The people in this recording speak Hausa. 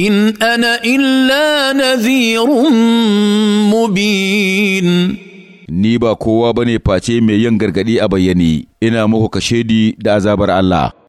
ان انا الا نذير مبين ni ba kowa bane face mai yin gargadi a bayyane ina muku kashedi da azabar Allah